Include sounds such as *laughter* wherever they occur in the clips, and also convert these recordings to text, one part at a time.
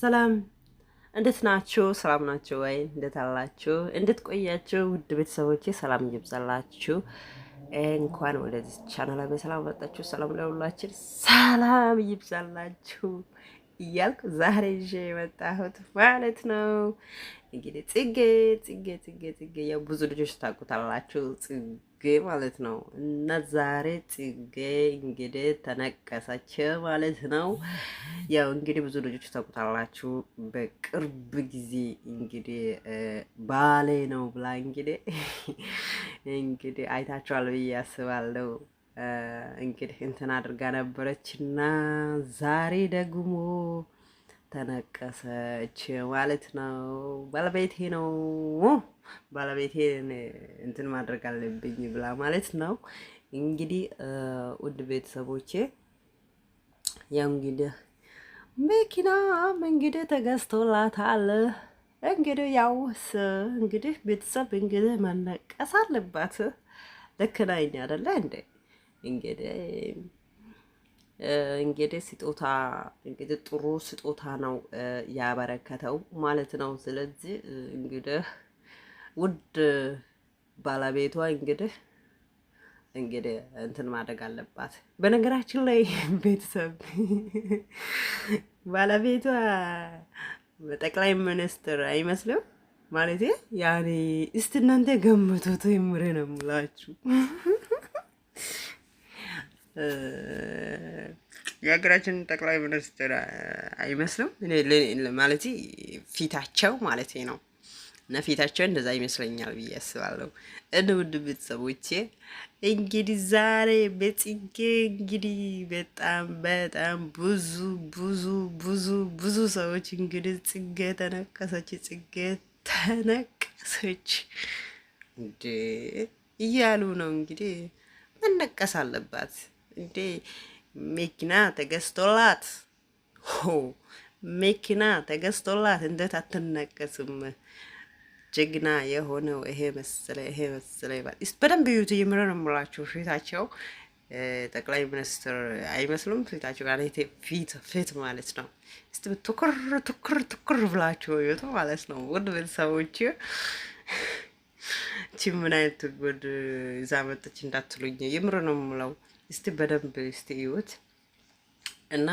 ሰላም እንዴት ናችሁ? ሰላም ናችሁ ወይ? እንዴት አላችሁ? እንዴት ቆያችሁ? ውድ ቤተሰቦቼ ሰላም እየብዛላችሁ። እንኳን ወደዚህ ቻናል በሰላም መጣችሁ። ሰላም ለሁላችን፣ ሰላም እየብዛላችሁ። እያልኩ ዛሬ ይዤ የመጣሁት ማለት ነው። እንግዲህ ጽጌ ጽጌ ጽጌ ጽጌ ያው ብዙ ልጆች ታውቁታላችሁ ጽጌ ማለት ነው። እና ዛሬ ጽጌ እንግዲህ ተነቀሰች ማለት ነው። ያው እንግዲህ ብዙ ልጆች ታውቁታላችሁ። በቅርብ ጊዜ እንግዲህ ባሌ ነው ብላ እንግዲህ እንግዲህ አይታችኋል ብዬ አስባለሁ። እንግዲህ እንትን አድርጋ ነበረች እና ዛሬ ደግሞ ተነቀሰች ማለት ነው። ባለቤቴ ነው ባለቤቴ እንትን ማድረግ አለብኝ ብላ ማለት ነው። እንግዲህ ውድ ቤተሰቦቼ ያው እንግዲህ መኪና እንግዲህ ተገዝቶላታል። እንግዲህ ያውስ እንግዲህ ቤተሰብ እንግዲህ መነቀስ አለባት። ልክ ነኝ አይደለ እንዴ? እንግዲህ እንግዲህ ስጦታ እንግዲህ ጥሩ ስጦታ ነው ያበረከተው ማለት ነው። ስለዚህ እንግዲህ ውድ ባለቤቷ እንግዲህ እንግዲህ እንትን ማድረግ አለባት። በነገራችን ላይ ቤተሰብ ባለቤቷ ጠቅላይ ሚኒስትር አይመስልም ማለት ያኔ። እስቲ እናንተ የምሬ ነው የምላችሁ የሀገራችን ጠቅላይ ሚኒስትር አይመስልም ማለት ፊታቸው ማለት ነው። እና ፊታቸው እንደዛ ይመስለኛል ብዬ አስባለሁ። እንደ ውድ ቤተሰቦቼ እንግዲህ ዛሬ በጽጌ እንግዲህ በጣም በጣም ብዙ ብዙ ብዙ ብዙ ሰዎች እንግዲህ ጽጌ ተነቀሰች፣ ጽጌ ተነቀሰች እንዴ እያሉ ነው እንግዲህ መነቀስ አለባት። እንዴ መኪና ተገዝቶላት መኪና ተገዝቶላት እንዴት አትነቀስም? ጀግና የሆነው ይሄ መሰለ ይሄ መሰለ ይባል። በደንብ ዩት የምረ ነው የምላችሁ። ፊታቸው ጠቅላይ ሚኒስትር አይመስሉም። ፊታቸው ጋር ፊት ፊት ማለት ነው። እስቲ ትኩር ትኩር ትኩር ብላችሁ ይወጡ ማለት ነው። ውድ ቤተሰቦች ቺ ምን አይነት ጉድ ይዛ መጠች እንዳትሉኝ፣ የምር ነው የምለው። እስቲ በደንብ እስቲ እዩት እና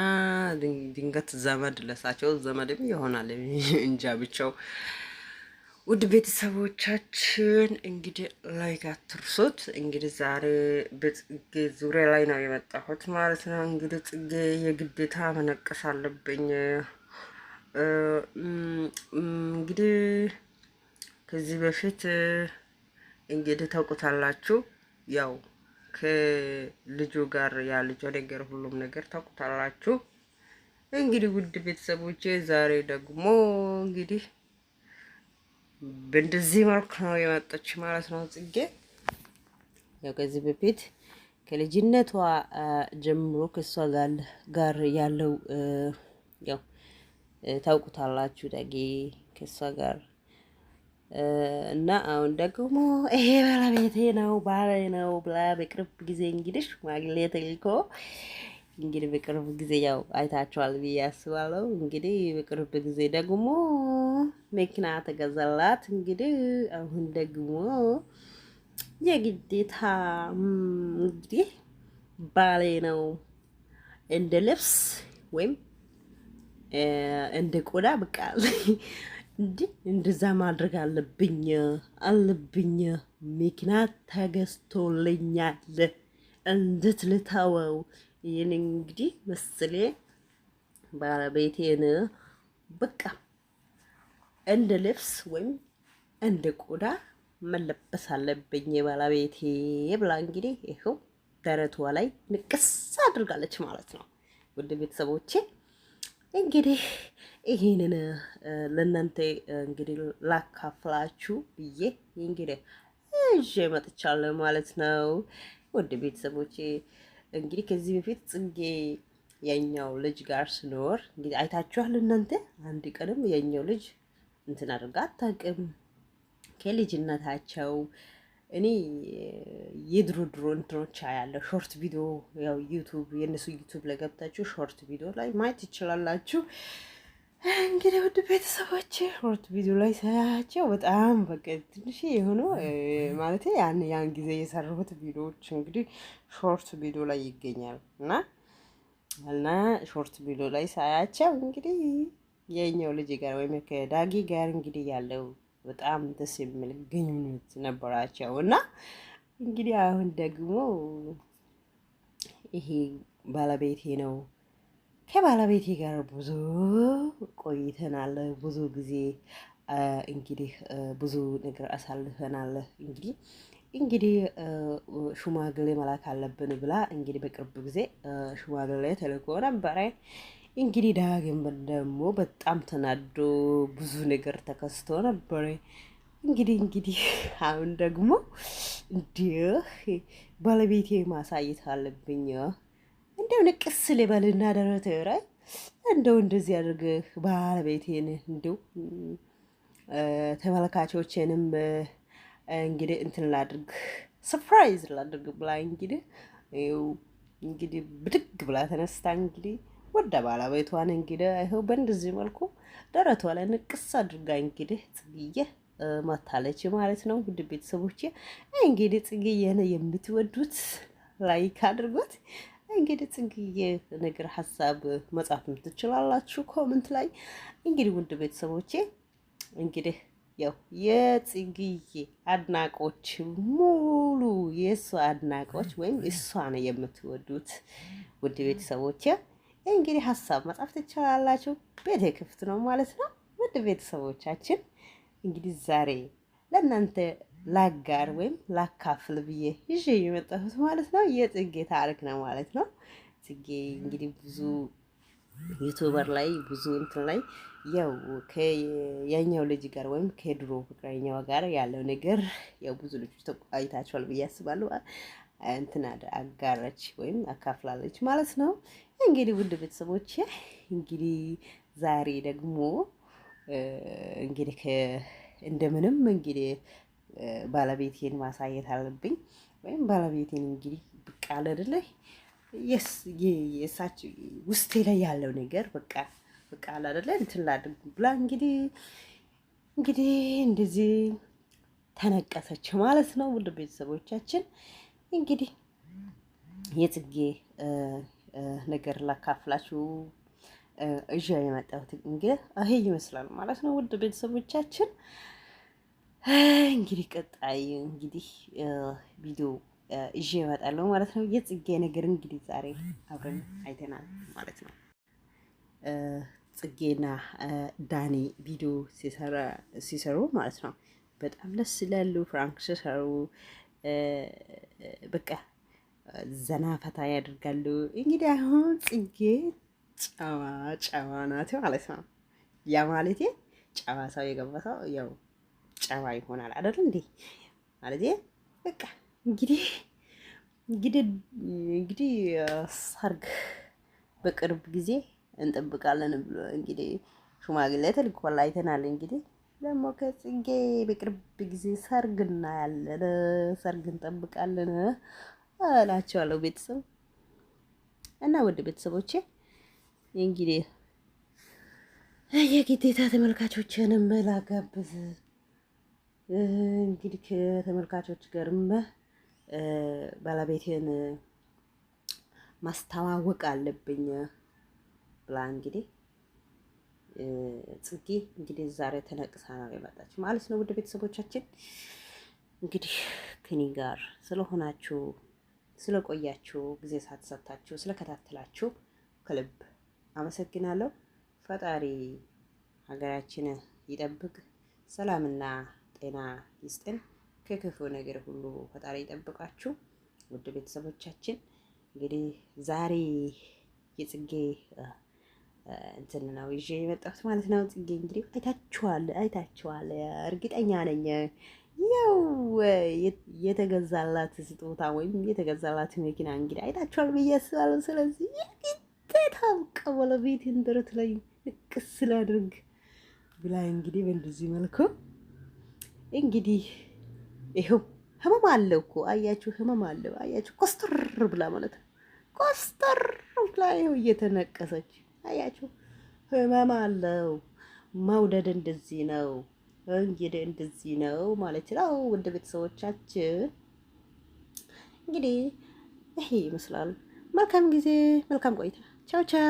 ድንገት ዘመድ ለሳቸው ዘመድም ይሆናል *laughs* እንጃ ብቻው። ውድ ቤተሰቦቻችን እንግዲህ ላይክ አትርሱት። እንግዲህ ዛሬ በጽጌ ዙሪያ ላይ ነው የመጣሁት ማለት ነው። እንግዲህ ጽጌ የግዴታ መነቀስ አለብኝ። እንግዲህ ከዚህ በፊት እንግዲህ ታውቁታላችሁ ያው ከልጁ ጋር ያ ልጇ ነገር ሁሉም ነገር ታውቁታላችሁ። እንግዲህ ውድ ቤተሰቦቼ ዛሬ ደግሞ እንግዲህ በእንደዚህ መልኩ ነው የመጣች ማለት ነው ጽጌ። ያው ከዚህ በፊት ከልጅነቷ ጀምሮ ከእሷ ጋር ያለው ያው ታውቁታላችሁ ዳጌ ከእሷ ጋር እና አሁን ደግሞ ይሄ ባለቤቴ ነው ባለ ነው ብላ በቅርብ ጊዜ እንግዲህ ሽማግሌ ተልኮ እንግዲህ በቅርብ ጊዜ ያው አይታችኋል ብዬ አስባለሁ። እንግዲህ በቅርብ ጊዜ ደግሞ መኪና ተገዛላት። እንግዲህ አሁን ደግሞ የግዴታ እንግዲህ ባሌ ነው እንደ ልብስ ወይም እንደ ቆዳ ብቃል *laughs* እንዲ እንደዛ ማድረግ አለብኝ አለብኝ ምክንያት ተገዝቶልኛል። እንድት ልተወው? ይህን እንግዲህ ምስሌ ባለቤቴን በቃ እንደ ልብስ ወይም እንደ ቆዳ መለበስ አለብኝ ባለቤቴ ብላ እንግዲህ ይኸው ደረቷ ላይ ንቅስ አድርጋለች ማለት ነው። ውድ ቤተሰቦቼ እንግዲህ ይሄንን ለእናንተ እንግዲህ ላካፍላችሁ ብዬ እንግዲህ እዥ መጥቻለሁ ማለት ነው። ወደ ቤተሰቦቼ እንግዲህ ከዚህ በፊት ጽጌ የኛው ልጅ ጋር ስኖር እንግዲህ አይታችኋል እናንተ። አንድ ቀንም የኛው ልጅ እንትን አድርጋ አታውቅም። ከልጅነታቸው እኔ የድሮ ድሮ እንትኖች ያለ ሾርት ቪዲዮ ያው ዩቱብ የእነሱ ዩቱብ ለገብታችሁ ሾርት ቪዲዮ ላይ ማየት ትችላላችሁ። እንግዲህ ውድ ቤተሰቦች ሾርት ቪዲዮ ላይ ሳያቸው በጣም በቃ ትንሽ የሆነው ማለት ያን ያን ጊዜ የሰሩት ቪዲዮዎች እንግዲህ ሾርት ቪዲዮ ላይ ይገኛል እና እና ሾርት ቪዲዮ ላይ ሳያቸው እንግዲህ የኛው ልጅ ጋር ወይም ከዳጊ ጋር እንግዲህ ያለው በጣም ደስ የሚል ግንኙነት ነበራቸው እና እንግዲህ አሁን ደግሞ ይሄ ባለቤቴ ነው ከባለቤቴ ጋር ብዙ ቆይተናል። ብዙ ጊዜ እንግዲህ ብዙ ነገር አሳልፈናል። እንግዲህ እንግዲህ ሽማግሌ መላክ አለብን ብላ እንግዲህ በቅርብ ጊዜ ሽማግሌ ተልኮ ነበረ። እንግዲህ ዳግም ደግሞ በጣም ተናዶ ብዙ ነገር ተከስቶ ነበረ። እንግዲህ እንግዲህ አሁን ደግሞ እንዲህ ባለቤቴ ማሳየት አለብኝ እንደው ንቅስ ልበል እናደረተ ራይ እንደው እንደዚህ አድርገህ ባለቤቴን እንዲሁ ተመልካቾቼንም እንግዲህ እንትን ላድርግ ሰርፕራይዝ ላድርግ ብላ እንግዲህ እንግዲህ ብድግ ብላ ተነስታ እንግዲህ ወደ ባለቤቷን እንግዲህ ይኸው በእንደዚህ መልኩ ደረቷ ላይ ንቅስ አድርጋ እንግዲህ ጽግዬ መታለች ማለት ነው። ውድ ቤተሰቦቼ እንግዲህ ጽግዬን የምትወዱት ላይክ አድርጉት። እንግዲህ ጽንግዬ ነገር ሀሳብ መጻፍም ትችላላችሁ ኮመንት ላይ። እንግዲህ ውድ ቤተሰቦቼ እንግዲህ ያው የጽጌዬ አድናቆች ሙሉ የእሷ አድናቆች ወይም እሷን የምትወዱት ውድ ቤተሰቦቼ እንግዲህ ሀሳብ መጻፍ ትችላላችሁ። ቤቴ ክፍት ነው ማለት ነው። ውድ ቤተሰቦቻችን እንግዲህ ዛሬ ለእናንተ ላጋር ወይም ላካፍል ብዬ ይዤ የመጣሁት ማለት ነው የጽጌ ታሪክ ነው ማለት ነው። ጽጌ እንግዲህ ብዙ ዩቱበር ላይ ብዙ እንትን ላይ ያው ከያኛው ልጅ ጋር ወይም ከድሮ ፍቅረኛው ጋር ያለው ነገር ያው ብዙ ልጆች ተቋይታቸዋል ብዬ አስባለሁ። እንትን አጋረች ወይም አካፍላለች ማለት ነው። እንግዲህ ውድ ቤተሰቦች እንግዲህ ዛሬ ደግሞ እንግዲህ እንደምንም እንግዲህ ባለቤቴን ማሳየት አለብኝ። ወይም ባለቤቴን እንግዲህ ብቅ አለ አይደለ የስ የሳች ውስጤ ላይ ያለው ነገር በቃ በቃ አለ አይደለ እንትን ላድርግ ብላ እንግዲህ እንግዲህ እንደዚህ ተነቀሰች ማለት ነው። ውድ ቤተሰቦቻችን እንግዲህ የጽጌ ነገር ላካፍላችሁ እዣ የመጣሁት እንግዲህ ይሄ ይመስላል ማለት ነው። ውድ ቤተሰቦቻችን እንግዲህ ቀጣይ እንግዲህ ቪዲዮ እዤ እመጣለሁ ማለት ነው። የጽጌ ነገር እንግዲህ ዛሬ አብረን አይተናል ማለት ነው። ጽጌና ዳኒ ቪዲዮ ሲሰሩ ማለት ነው በጣም ደስ ይላሉ። ፍራንክ ሲሰሩ በቃ ዘና ፈታ ያደርጋሉ። እንግዲህ አሁን ጽጌ ጨዋ ጨዋ ናት ማለት ነው። ያ ማለት ጨዋ ሰው የገባ ሰው ያው ጭብጨባ ይሆናል አይደል እንዴ? ማለት በቃ እንግዲህ እንግዲህ እንግዲህ ሰርግ በቅርብ ጊዜ እንጠብቃለን ብሎ እንግዲህ ሽማግሌ ተልኮላ አይተናል። እንግዲህ ደግሞ ከጽጌ በቅርብ ጊዜ ሰርግ እናያለን፣ ሰርግ እንጠብቃለን እላቸዋለሁ ቤተሰብ እና ወደ ቤተሰቦቼ እንግዲህ የጌታ ተመልካቾችንም ላጋብዝ እንግዲህ ከተመልካቾች ገርመ ባለቤቴን ማስተዋወቅ አለብኝ ብላ እንግዲህ ጽጌ እንግዲህ ዛሬ ተነቅሳ ነው የመጣች ማለት ነው። ውድ ቤተሰቦቻችን እንግዲህ ከኔ ጋር ስለሆናችሁ ስለቆያችሁ ጊዜ ሳትሰጣችሁ ስለከታተላችሁ ከልብ አመሰግናለሁ። ፈጣሪ ሀገራችን ይጠብቅ። ሰላምና ጤና ይስጥን፣ ከክፉ ነገር ሁሉ ፈጣሪ ይጠብቃችሁ። ውድ ቤተሰቦቻችን እንግዲህ ዛሬ የጽጌ እንትን ነው ይዤ የመጣሁት ማለት ነው። ጽጌ እንግዲህ አይታችኋል አይታችኋል፣ እርግጠኛ ነኝ ያው የተገዛላት ስጦታ ወይም የተገዛላት መኪና እንግዲህ አይታችኋል ብዬ አስባለሁ። ስለዚህ በጣም ቀበለ ቤት እንደረት ላይ ንቅስ ስላድርግ ብላይ እንግዲህ በእንደዚህ መልኩ እንግዲህ ይኸው ህመም አለው እኮ አያችሁ፣ ህመም አለው አያችሁ። ኮስተር ብላ ማለት ነው። ኮስተር ብላ ይኸው እየተነቀሰች አያችሁ፣ ህመም አለው። መውደድ እንደዚህ ነው እንግዲህ እንደዚህ ነው ማለት ነው። ውድ ቤተሰቦቻችን እንግዲህ ይሄ ይመስላል። መልካም ጊዜ፣ መልካም ቆይታ። ቻው ቻው።